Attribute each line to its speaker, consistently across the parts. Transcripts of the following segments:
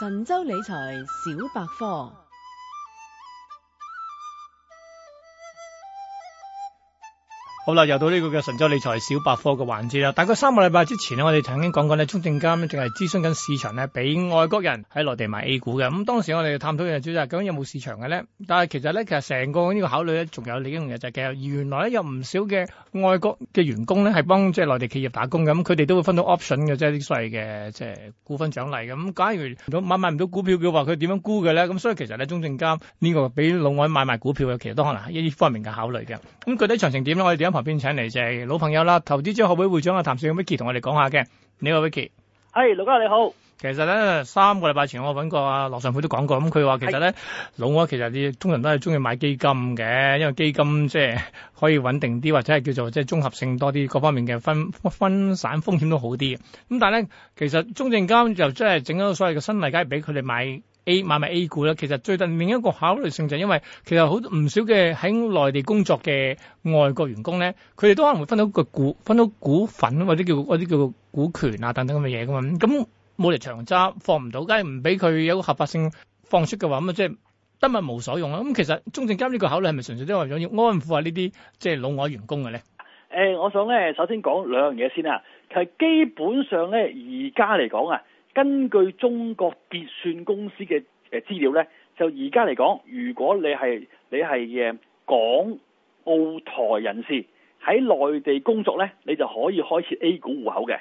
Speaker 1: 神州理財小百科。
Speaker 2: 好啦，又到呢個嘅神州理財小百科嘅環節啦。大概三個禮拜之前咧，我哋曾經講過咧，中證監咧正係諮詢緊市場咧，俾外國人喺內地買 A 股嘅。咁當時我哋探討嘅主題係究竟有冇市場嘅咧？但係其實咧，其實成個呢個考慮咧，仲有另一樣嘢，就係其實原來咧有唔少嘅外國嘅員工咧係幫即係內地企業打工嘅，咁佢哋都會分到 option 嘅，即係啲所謂嘅即係股份獎勵嘅。咁假如如果買買唔到股票嘅話，佢點樣估嘅咧？咁所以其實咧，中證監呢個俾老外買賣股票嘅，其實都可能係一啲方面嘅考慮嘅。咁具體詳情點咧？我哋旁邊請嚟就係老朋友啦，投資者學會會長阿譚紹興，Vicky 同我哋講下嘅，你好，Vicky，係盧家你好。其實咧三個禮拜前我揾過阿羅尚富都講過咁，佢話其實咧的老外其實你通常都係中意買基金嘅，因為基金即係可以穩定啲，或者係叫做即係綜合性多啲，各方面嘅分分散風險都好啲嘅。咁但係咧，其實中證監就即係整咗所謂嘅新例，梗係俾佢哋買。A 買埋 A 股啦，其實最緊另一個考慮性就係因為其實好唔少嘅喺內地工作嘅外國員工咧，佢哋都可能會分到個股，分到股份或者叫嗰啲叫股權啊等等咁嘅嘢噶嘛，咁冇嚟長揸放唔到，梗係唔俾佢有個合法性放出嘅話，咁、嗯、啊即係得物無所用啦。咁、嗯、其實中證監呢個考慮係咪純粹都係想要安撫下呢啲即係老外員工嘅咧？
Speaker 1: 誒、呃，我想咧首先講兩樣嘢先啊。其實基本上咧而家嚟講啊。根據中國結算公司嘅誒資料呢，就而家嚟講，如果你係你係港澳台人士，喺內地工作呢，你就可以開設 A 股戶口嘅。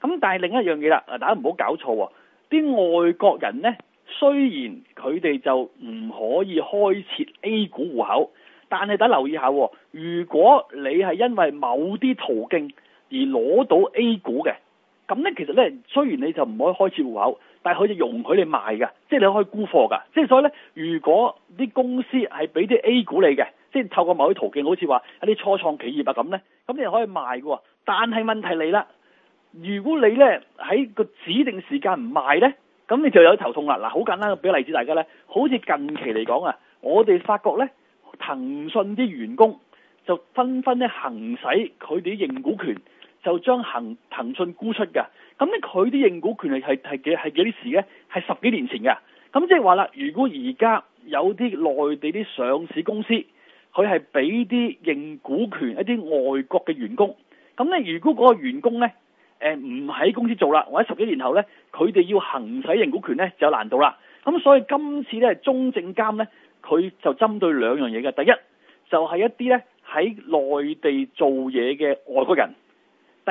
Speaker 1: 咁但係另一樣嘢啦，大家唔好搞錯喎、哦，啲外國人呢，雖然佢哋就唔可以開設 A 股戶口，但係大家留意一下、哦，如果你係因為某啲途徑而攞到 A 股嘅。咁咧，其實咧，雖然你就唔可以開設戶口，但係佢就容許你賣㗎，即係你可以沽貨㗎，即係所以咧，如果啲公司係俾啲 A 股你嘅，即係透過某啲途徑，好似話一啲初創企業啊咁咧，咁你就可以賣㗎喎。但係問題嚟啦，如果你咧喺個指定時間唔賣咧，咁你就有頭痛啦。嗱、啊，好簡單，俾個例子大家咧，好似近期嚟講啊，我哋發覺咧，騰訊啲員工就紛紛咧行使佢哋啲認股權。就將騰訊沽出嘅，咁咧佢啲認股權係幾係幾時呢？係十幾年前嘅，咁即係話啦，如果而家有啲內地啲上市公司，佢係俾啲認股權一啲外國嘅員工，咁咧如果嗰個員工呢呃、唔喺公司做啦，或者十幾年後呢，佢哋要行使認股權呢，就有難度啦。咁所以今次呢，中證監呢，佢就針對兩樣嘢嘅，第一就係、是、一啲呢喺內地做嘢嘅外國人。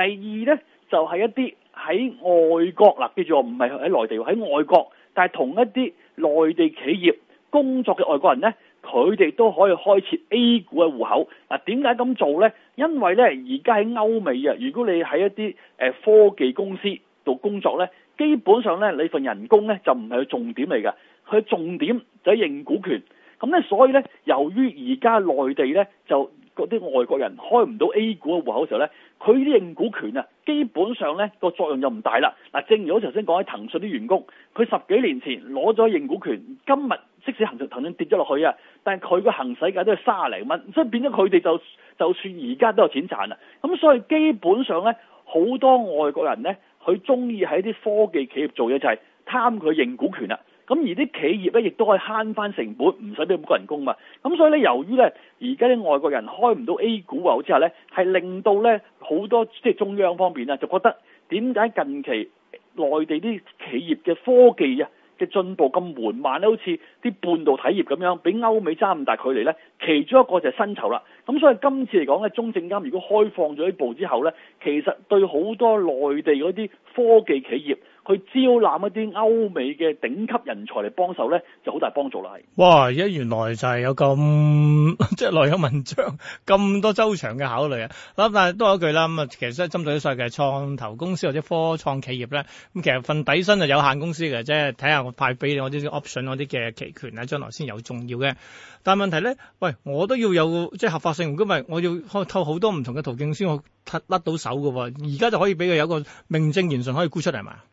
Speaker 1: 第二呢，就係、是、一啲喺外國嗱，記住我唔係喺內地喎，喺外國，但係同一啲內地企業工作嘅外國人呢，佢哋都可以開設 A 股嘅戶口。嗱、啊，點解咁做呢？因為呢，而家喺歐美啊，如果你喺一啲、呃、科技公司度工作呢，基本上呢，你份人工呢，就唔係重點嚟嘅，佢重點就係認股權。咁呢，所以呢，由於而家內地呢，就。嗰啲外國人開唔到 A 股嘅戶口時候咧，佢啲認股權啊，基本上咧個作用就唔大啦。嗱，正如我頭先講喺騰訊啲員工，佢十幾年前攞咗認股權，今日即使騰訊跌咗落去啊，但係佢個行使價都係卅零蚊，所以變咗佢哋就就算而家都有錢賺啦。咁所以基本上咧，好多外國人咧，佢中意喺啲科技企業做嘢就係貪佢認股權啊。咁而啲企業咧，亦都可以慳翻成本，唔使俾咁高人工嘛。咁所以咧，由於咧，而家啲外國人開唔到 A 股啊，好之後咧，係令到咧好多即係中央方面啊，就覺得點解近期內地啲企業嘅科技啊嘅進步咁緩慢咧，好似啲半導體業咁樣，俾歐美揸咁大距離咧。其中一個就係薪酬啦。咁所以今次嚟講咧，中證監如果開放咗呢步之後咧，其實對好多內地嗰啲科技企業，佢招攬一啲歐美嘅頂級人才嚟幫手咧，就好大幫助啦。係
Speaker 2: 哇，而家原來就係有咁即係內有文章咁多周長嘅考慮啊。嗱，但係都有一句啦。咁啊，其實真針對啲所謂嘅創投公司或者科創企業咧，咁其實份底薪就有限公司嘅啫。睇下我派俾你我啲 option 嗰啲嘅期權咧，將來先有重要嘅。但係問題咧，喂，我都要有即係合法性。如果唔係，我要透過好多唔同嘅途徑先我甩到手嘅。而家就可以俾佢有個名正言順可以沽出嚟嘛？是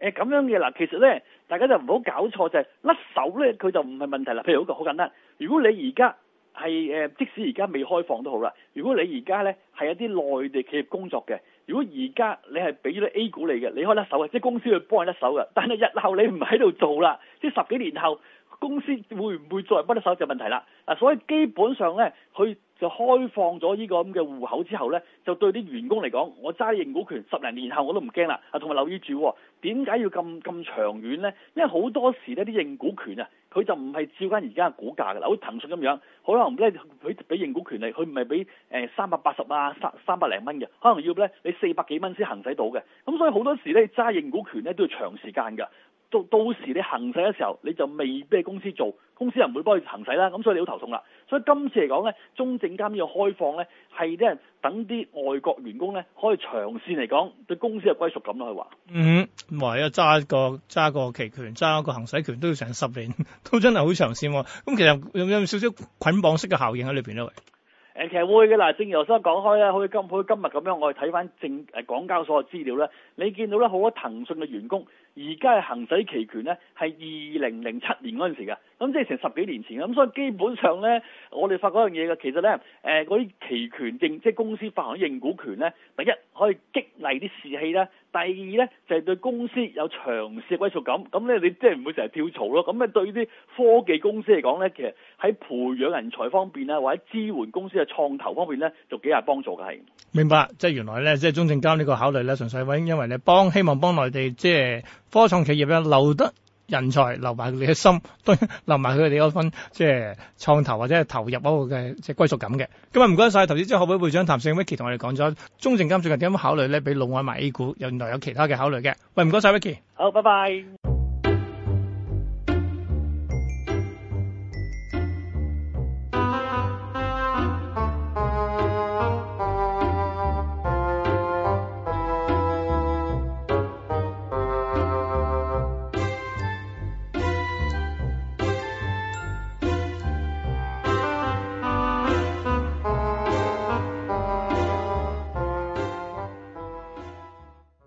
Speaker 1: 誒咁樣嘅嗱，其實咧，大家就唔好搞錯就係、是、甩手咧，佢就唔係問題啦。譬如好個好簡單，如果你而家係誒，即使而家未開放都好啦。如果你而家咧係一啲內地企業工作嘅，如果而家你係俾咗 A 股你嘅，你可以甩手嘅，即係公司會幫你甩手嘅。但係日後你唔喺度做啦，即係十幾年後。公司會唔會再不得手嘅問題啦？嗱，所以基本上呢，佢就開放咗呢個咁嘅戶口之後呢，就對啲員工嚟講，我揸啲認股權十零年後我都唔驚啦。啊，同埋留意住點解要咁咁長遠呢？因為好多時呢啲認股權啊，佢就唔係照返而家嘅股價噶啦，好似騰訊咁樣，可能呢佢俾認股權你，佢唔係俾誒三百八十啊三三百零蚊嘅，可能要呢你四百幾蚊先行使到嘅。咁所以好多時呢，揸認股權呢都要長時間㗎。到到時你行使嘅時候，你就未俾公司做，公司又唔會幫你行使啦，咁所以你好頭痛啦。所以今次嚟講咧，中證監呢個開放咧，係啲人等啲外國員工咧，可以長線嚟講對公司嘅歸屬感咯，佢話。
Speaker 2: 嗯，咁、哎、啊，揸一個揸一個期權，揸一個行使權，都要成十年，都真係好長線、啊。咁其實有有少少捆綁式嘅效應喺裏邊咧。
Speaker 1: 其實會嘅啦，正如我先講開啦，可以今日咁樣我們看看，我哋睇翻政誒港交所嘅資料，你見到很好多騰訊嘅員工而家嘅行使期權是係二零零七年嗰陣時嘅。咁即係成十幾年前，咁所以基本上咧，我哋發覺一樣嘢嘅，其實咧，誒嗰啲期權認，即係公司發行嘅認股權咧，第一可以激勵啲士氣呢，第二咧就係、是、對公司有長線嘅歸屬感，咁咧你即係唔會成日跳槽咯。咁啊對啲科技公司嚟講咧，其實喺培養人才方面咧，或者支援公司嘅創投方面咧，就幾有幫助嘅係。
Speaker 2: 明白，即係原來咧，即係中證監呢個考慮咧，純粹係，因為你幫，希望幫內地即係科創企業咧留得。人才留埋佢哋嘅心，都留埋佢哋嗰份即係創投或者係投入嗰個嘅即係歸屬感嘅。咁啊，唔該晒投資者學會會長譚紹興，Vicky 同我哋講咗中證監最近點樣考慮咧，俾老外買 A 股，又原來有其他嘅考慮嘅。喂，唔該晒 Vicky。
Speaker 1: 好，拜拜。